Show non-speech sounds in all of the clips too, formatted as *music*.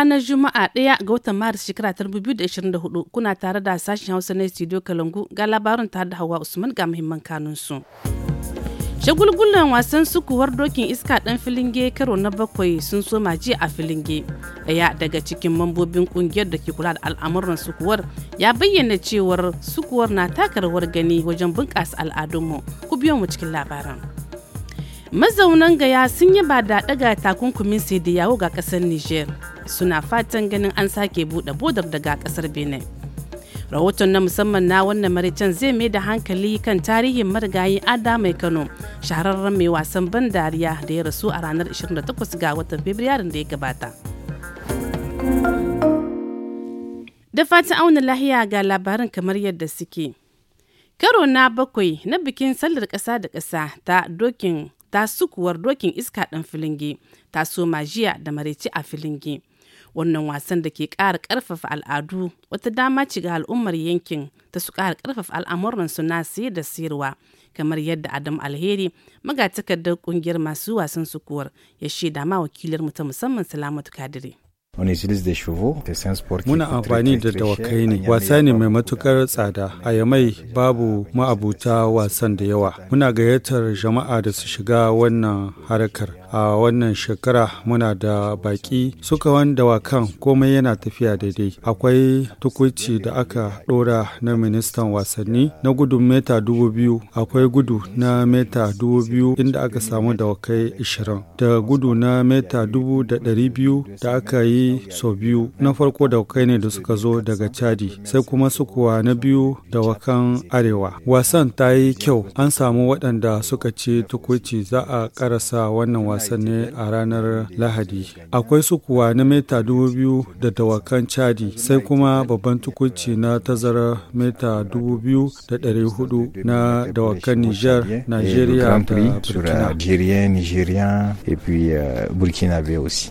ranar Juma'a ɗaya ga watan Maris shekara ta 2024 kuna tare da sashen Hausa na Studio Kalangu ga labarin tare da Hawa Usman ga muhimman kanunsu. Shagulgulan wasan sukuwar dokin iska ɗan filinge karo na bakwai sun soma jiya a filinge. Ɗaya daga cikin mambobin ƙungiyar da ke kula da al'amuran sukuwar ya bayyana cewar sukuwar na taka rawar gani wajen bunƙasa al'adunmu. Ku biyo mu cikin labaran. mazaunan gaya sun yi ba da daga takunkumin sai da yawo ga kasar niger suna fatan ganin an sake buɗe bodar daga kasar benin rahoton na musamman na wannan maricen zai mai da hankali kan tarihin marigayi ada mai kano shahararren mai wasan ban dariya da ya rasu a ranar 28 ga watan fabrairu da ya gabata da fatan auna lahiya ga labarin kamar yadda suke karo na bakwai na bikin sallar ƙasa da kasa ta dokin ta sukuwar dokin iska ɗan filinge ta soma jiya da maraice a filinge wannan wasan da ke ƙara ƙarfafa al'adu wata dama ce ga al'ummar yankin ta su ƙara ƙarfafa al'amuran su na siye da siyarwa kamar yadda adam alheri magatakardar ƙungiyar masu wasan sukuwar ya shaida ma wakilarmu ta musamman salamatu kadiri Muna amfani da dawakai ne, wasa ne mai matukar tsada, a yamai babu ma'abuta wasan da yawa. Muna gayyatar jama'a da su shiga wannan harkar. a wannan shekara muna da baki suka wanda wakan komai yana tafiya daidai akwai tukuci da aka dora na ministan wasanni na gudun meta dubu biyu akwai gudu na meta dubu biyu inda aka samu da wakai ishirin da gudu na meta dubu da dari biyu da aka yi sau biyu na farko da wakai ne da suka zo daga chadi sai kuma sukuwa na biyu dawakan arewa wasan ta yi kyau an samu waɗanda suka ce tukuci za a karasa wannan wasan wasanni a ranar Lahadi. Akwai su kuwa na mita dubu biyu da dawakan Chadi sai kuma babban tukunci na tazara mita dubu biyu da ɗari hudu na dawakan Niger, Nigeria da euh, Burkina. Euh,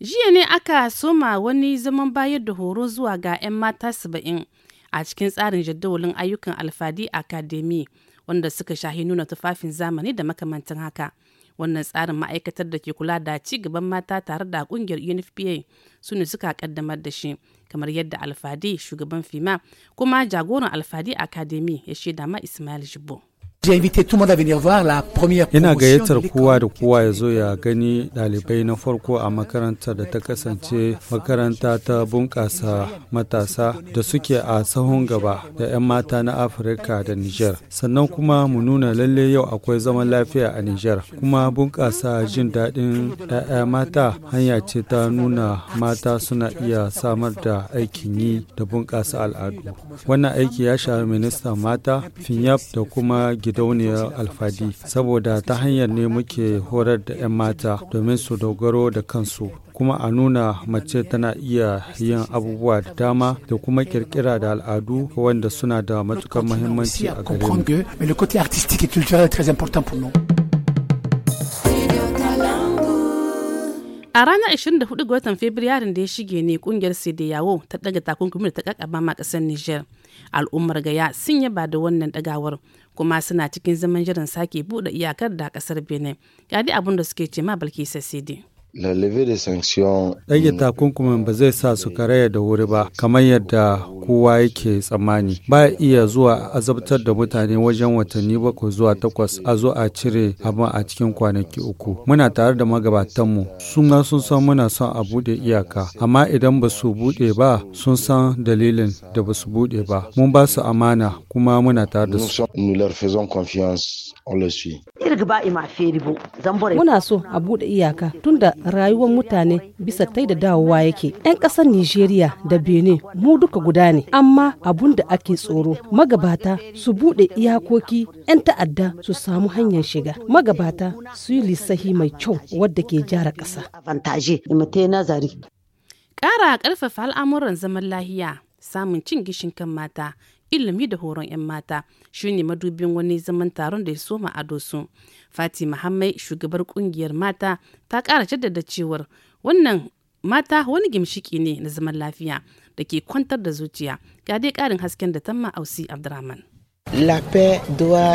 Jiya ne aka soma wani zaman bayar da horo zuwa ga 'yan mata saba'in a cikin tsarin jadawalin ayyukan alfadi academy wanda suka shahi nuna tufafin zamani da makamantan haka. wannan tsarin ma'aikatar da ke kula da ci gaban mata tare da kungiyar unfpa su ne suka kaddamar da shi kamar yadda alfadi shugaban fima kuma jagoran alfadi academy ya shaida ma ismail jibo Ina gayyatar kowa da kowa ya zo ya gani ɗalibai na farko a makarantar da ta kasance makaranta ta bunƙasa matasa da suke a sahun gaba da 'yan mata na Afirka da Nijar. Sannan kuma mu nuna lalle yau akwai zaman lafiya a Nijar. Kuma bunƙasa jin daɗin 'ya'ya mata hanya ce ta nuna mata suna iya samar da aikin yi da bunƙasa al'adu. Wannan aiki ya shafi ministan mata, Finyap da kuma macedonia alfadi saboda ta hanyar ne muke horar da 'yan mata domin su dogaro da kansu kuma a nuna mace tana iya yin abubuwa da dama da kuma kirkira da al'adu wanda suna da matukar muhimmanci a gare mu. A ranar 24 ga watan Fabrairu da ya shige ne kungiyar Sidiyawo ta daga takunkumin da ta kakaba ma kasar Niger. Al'ummar gaya sun yaba da wannan dagawar kuma suna cikin zaman jiran sake bude iyakar da kasar Benin. Ga abin da suke ce ma Bilkisu Sidi. Ɗage takunkumin ba zai sa su karaya da wuri ba, kamar yadda kowa yake tsammani. Ba iya zuwa azabtar da mutane wajen watanni bakwai zuwa takwas a zo a cire abin a cikin kwanaki uku. Muna tare da magabatanmu, sun ga sun san muna son a buɗe iyaka, amma idan ba su buɗe ba sun san dalilin da ba su buɗe ba. Mun ba su amana kuma muna tare da su. Muna so a buɗe iyaka tunda rayuwar mutane bisa tai da dawowa yake 'yan ƙasar nigeria da benin mu duka guda ne amma abun da ake tsoro magabata su buɗe iyakoki 'yan ta'adda su samu hanyar shiga magabata su yi lissahi mai kyau wadda ke jara ƙasa ƙara ƙarfafa al'amuran zaman lahiya samun cin gishin kan mata ilimi da horon 'yan mata shine madubin wani zaman taron da ya soma a su fatima hammai shugabar kungiyar mata ta kara jaddada cewar wannan mata wani gimshiki ne na zaman lafiya da ke kwantar da zuciya ga dai karin hasken da tamma ausi abdurrahman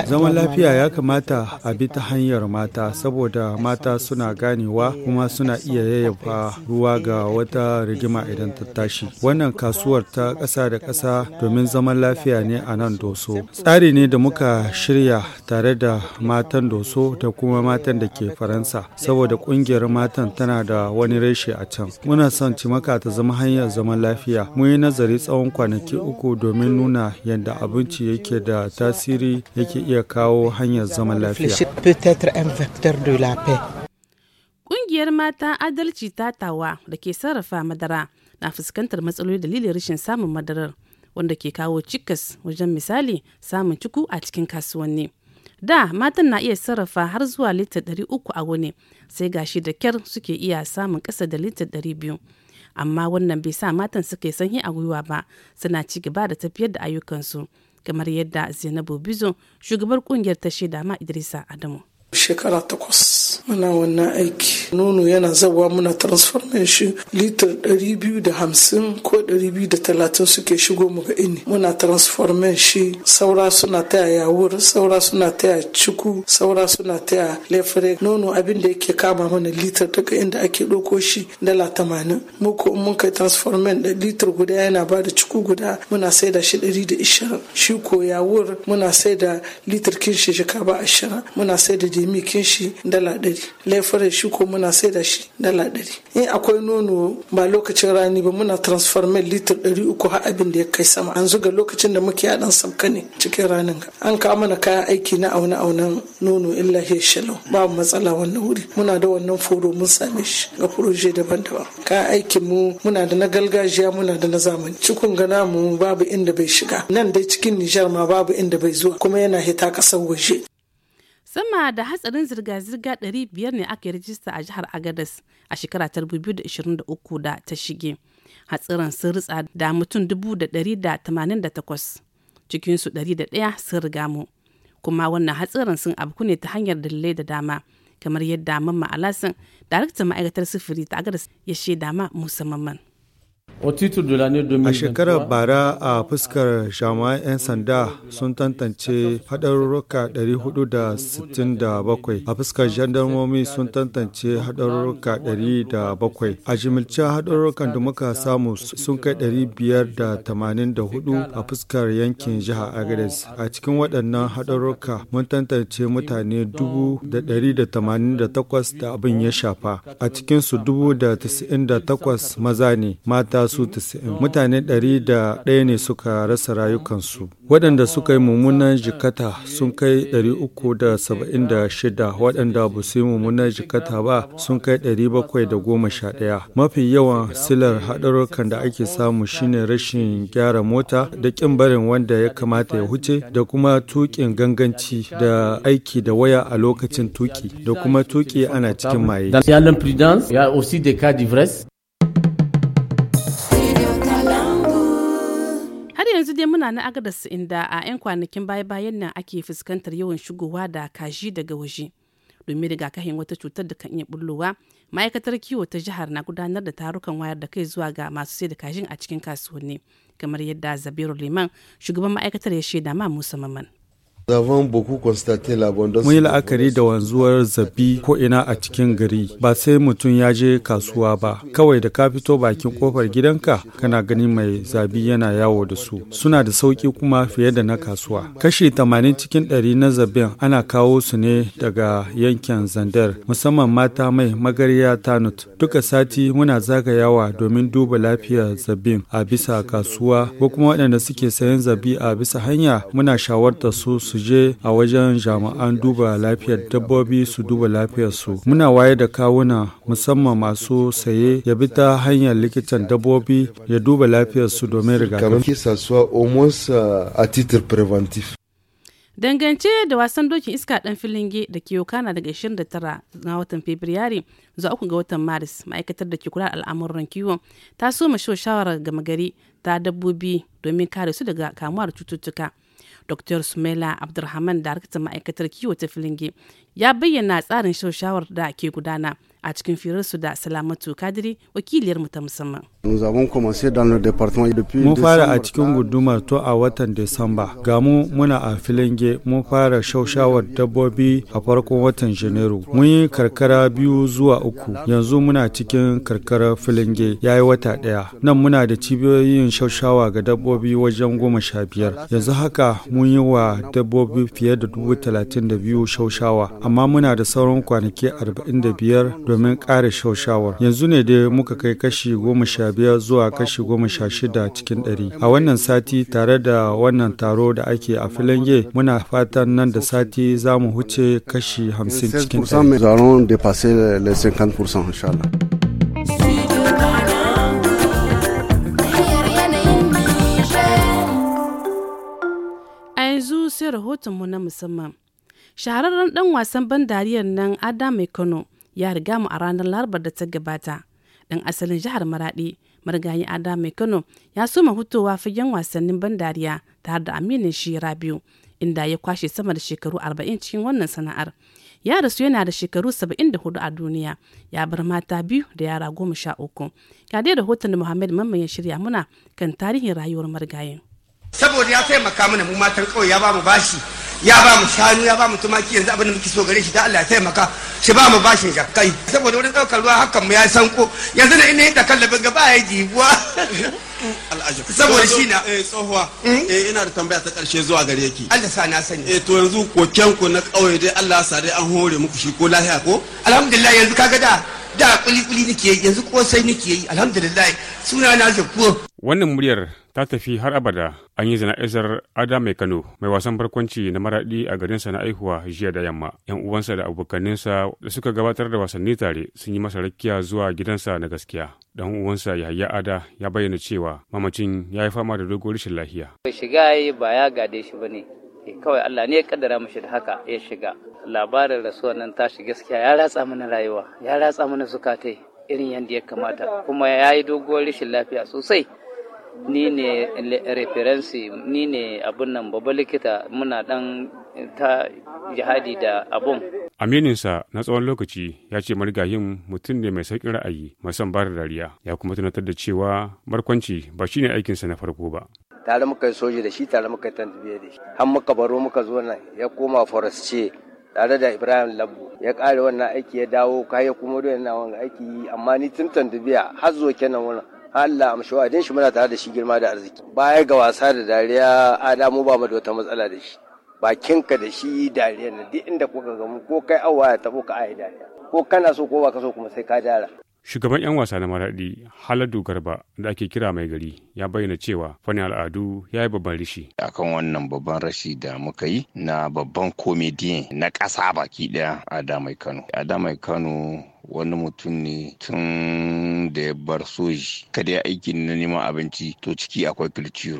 Zaman lafiya ya kamata a bi ta hanyar mata saboda mata suna ganewa kuma suna iya yayyafa ruwa ga wata rigima idan ta tashi. Wannan kasuwar ta ƙasa da ƙasa domin zaman lafiya ne a nan doso. Tsari ne da muka shirya tare da matan doso da kuma matan da ke Faransa saboda ƙungiyar matan tana da wani reshe a can. Muna son cimaka ta zama hanyar zaman lafiya. Mun yi nazari tsawon kwanaki uku domin nuna yadda abinci yake da da tasiri yake iya kawo hanyar zaman lafiya. Ƙungiyar mata adalci ta tawa da ke sarrafa madara na fuskantar matsaloli dalilin rashin samun madarar wanda ke kawo cikas wajen misali samun ciku a cikin kasuwanni. Da matan na iya sarrafa har zuwa litar uku a wuni sai gashi da kyar suke iya samun ƙasa da litar biyu amma wannan bai sa matan suka yi sanyi a gwiwa ba suna ci gaba da tafiyar da ayyukansu kamar yadda zainabu bizo shugabar kungiyar ta shaida ma idrisa adamu shekara takwas muna wannan aiki nono yana zawa muna transformation litar 250 ko 230 suke shigo mu ga ini muna transformin shi saura suna taya yawur saura suna taya ciku saura suna taya lefere nono abin da yake kama mana litar daga inda ake ɗauko shi dala tamanin mu ko mun kai transformin da litar guda yana ba da ciku guda muna sai da shi ɗari da shi ko yawur muna sai da litar kinshi jika ba 20 muna sai da demi kinshi dala ɗari lefere shi ko muna sai da shi dala ɗari in akwai nono ba lokacin rani ba muna transformin mai litir ɗari uku har abin da ya kai sama yanzu ga lokacin da muke yaɗan samka ne cikin ranin ga an kawo mana kayan aiki na aune aunen nono illa ya shalau babu matsala wannan wuri muna da wannan foro mun same shi ga proje daban-daban kayan aikin mu muna da na gargajiya muna da na zamani cikin gana mu babu inda bai shiga nan dai cikin nijar ma babu inda bai zuwa kuma yana hita kasar waje Sama da hatsarin zirga-zirga 500 ne aka yi rajista a jihar agadas a shekara ta 2023 da ta shige. Hatsarin sun ritsa da mutum 188 cikinsu 101 sun riga mu. Kuma wannan hatsarin sun abu ne ta hanyar dalilai da dama. kamar yadda mamma alasan daraktan ma'aikatar sufuri ta agadas ya shaida ma musamman A shekarar bara a fuskar jama'an 'yan sanda sun tantance haɗarurruka 467 a fuskar jandarmomi sun tantance haɗarurruka 107 a jimilce haɗarurrukan da muka samu sun kai 584 a fuskar yankin jiha agres a cikin waɗannan haɗarurruka mun tantance mutane 188 da abin ya shafa a cikinsu 98 maza ne mata su 90 mutane 101 ne suka rasa rayukansu waɗanda suka yi mummunan jikata sun kai da 376 waɗanda ba su yi mummunan jikata ba sun kai bakwai da goma sha 711 mafi yawan silar haɗarurkan da ake samu shine rashin gyara mota da ƙin barin wanda ya kamata ya huce da kuma tuƙin ganganci da aiki da waya a lokacin tuƙi da kuma tuƙi ana cikin maye. yanzu dai muna na agadar su inda a 'yan kwanakin baya-bayan nan ake fuskantar yawan shigowa da kaji daga waje. domin rigakafin wata cutar da kan iya bullowa ma'aikatar kiwo ta jihar na gudanar da tarukan wayar da kai zuwa ga masu sai da kajin a cikin kasuwanni kamar yadda zabiru liman shugaban ma'aikatar ya shaida ma musa maman Mun yi la'akari da wanzuwar zabi ko ina a cikin gari, ba sai mutum ya je kasuwa ba, kawai da ka fito bakin kofar gidanka kana gani mai zabi yana yawo da su. Suna da sauki kuma fiye da na kasuwa. Kashi tamanin cikin 100 na zabin ana kawo su ne daga yankin Zandar, musamman mata mai magarya Tanut. Duka sati muna zagayawa domin duba lafiyar zabin a bisa kasuwa ko kuma waɗanda suke sayan zabi a bisa hanya muna shawartar su su su je a wajen jami'an duba lafiyar dabbobi su duba lafiyar muna waye da kawuna musamman masu saye ya bi ta hanyar likitan dabbobi ya duba lafiyar su domin rigakafi uh, dangance da wasan dokin iska dan filinge da ke kana daga 29 na watan fabrairu zuwa uku ga watan maris ma'aikatar da ke kula al'amuran kiwon ta so mashi shawarar gama gari ta dabbobi domin kare su daga kamuwar cututtuka dr sumaila abdulrahman daraktan ma'aikatar kiwo ta filinge ya bayyana tsarin shawar da ke gudana a cikin firarsu da salamatu kadiri mu ta musamman. Mun fara a cikin guduma to a watan Disamba. Ga mu muna a filinge mun fara shaushawar dabbobi a farkon watan Janairu. Mun yi karkara biyu zuwa uku. Yanzu muna cikin karkarar filinge ya yi wata ɗaya. Nan muna da cibiyoyin shaushawa ga dabbobi wajen goma sha biyar. Yanzu haka mun yi wa dabbobi fiye da dubu talatin da biyu shaushawa. Amma muna da sauran kwanaki arba'in da biyar domin ƙara shaushawar. Yanzu ne dai muka kai kashi goma sha biyar zuwa kashi goma sha shida cikin ɗari. A wannan sati tare da wannan taro da ake a filange muna fatan nan da sati za mu huce kashi hamsin cikin ɗari. rahotonmu na musamman. Shahararren ɗan wasan ban dariyar nan Adam Kano ya riga mu a ranar larabar da ta gabata dan asalin jihar maradi marigayi ada mai kano ya soma hutowa fagen wasannin ban dariya tare da aminin shi rabiu inda ya kwashe sama da shekaru arba'in cikin wannan sana'ar ya rasu yana da shekaru 74 a duniya ya bar mata biyu da yara goma sha uku ga dai rahoton da muhammad mamman ya shirya muna kan tarihin rayuwar marigayin saboda ya taimaka mana mu matan kawai ya ba mu bashi ya ba mu shanu ya ba mu tumaki yanzu abin da muke so gare shi da Allah ya taimaka shi ba mu bashin jakkai saboda wurin daukar ruwa hakan mu ya sanko yanzu ne ina ta kallabin gaba ya jibuwa *laughs* saboda shi na eh tsohuwa hmm? eh ina da tambaya ta karshe zuwa gare ki Allah sa na sani eh to yanzu koken ku na kauye dai Allah sa dai an hore muku shi ko lafiya ko alhamdulillah yanzu kaga da da kuli kuli nake yanzu ko sai nake yi alhamdulillah suna na jakuwa wannan muryar ta tafi har abada an yi jana'izar ada mai kano mai wasan barkwanci na maraɗi a garin sa na aihuwa jiya da yamma yan uwansa da abokaninsa da suka gabatar da wasanni tare sun yi masa rakiya zuwa gidansa na gaskiya dan uwansa ya yahaya ada ya bayyana cewa mamacin ya yi fama da dogon rashin lafiya bai shiga yi ba ya gade shi ba bane eh, kawai Allah ne ya kaddara mashi da haka ya shiga labarin rasuwar nan tashi gaskiya ya ratsa mana rayuwa ya ratsa mana zukatai irin yadda ya kamata kuma ya yi doguwar rashin lafiya sosai ni ne referensi ni ne abin nan babban likita muna dan ta jihadi da abun. Amininsa na tsawon lokaci ya ce marigayin mutum ne mai sauƙin ra'ayi mai son dariya ya kuma tunatar da cewa barkwanci ba shi ne aikinsa na farko ba. Tare muka soji da shi tare muka yi da shi. Har muka baro muka zo nan ya koma ce tare da Ibrahim Labu. ya kare wannan aiki ya dawo kaya kuma da yana wani aiki amma ni tun tantabiya har zo kenan wannan. Allah amshi wa'adin shi muna tare da shi girma da arziki baya ga wasa da dariya Adamu ba mu da wata matsala da shi bakinka da shi dariya na duk inda kuka gamu ko kai awa ya tabo ka ai dariya ko kana so ko ba ka so kuma sai ka dara shugaban 'yan wasa na maraɗi haladu garba da ake kira mai gari ya bayyana cewa fani al'adu ya yi babban rishi akan wannan babban rashi da muka yi na babban komediyan na ƙasa baki ɗaya a damai kano a damai kano wani mutum ne tun da ya bar soji kada ya aiki na neman abinci to ciki akwai kilciyo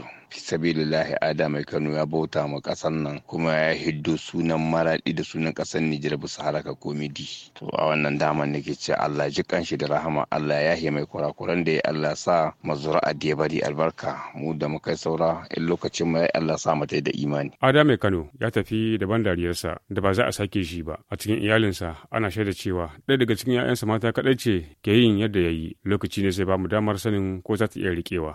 lahi adamai kano ya bauta ma kasan nan kuma ya hiddo sunan maradi da sunan kasan nijar bisa haraka komedi to a wannan daman nake ce allah ji kanshi da rahama allah ya yi mai kurakuran da ya allah sa mazura a da bari albarka mu da muka saura in lokacin mai allah sa mata da imani adamai kano ya tafi da ban dariyarsa da ba za a sake shi ba a cikin iyalinsa ana shaida cewa ɗaya daga cikin 'ya'yansa mata kaɗai ce ke yin yadda ya yi lokaci ne sai ba mu damar sanin ko za ta iya riƙewa.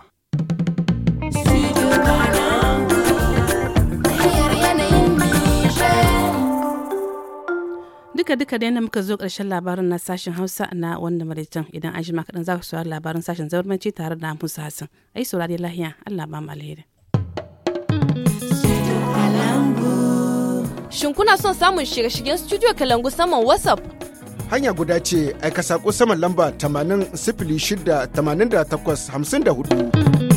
duka duka da muka zo ƙarshen labarin na sashen hausa na wanda maraicin idan an jima kaɗan za ku saurari labarin sashen zaurmanci tare da musa hassan yi saurari lahiya allah ba mu alheri Shin kuna son samun shirye-shiryen Studio Kalangu saman WhatsApp hanya guda ce aika saƙo saman lamba 80 68 54.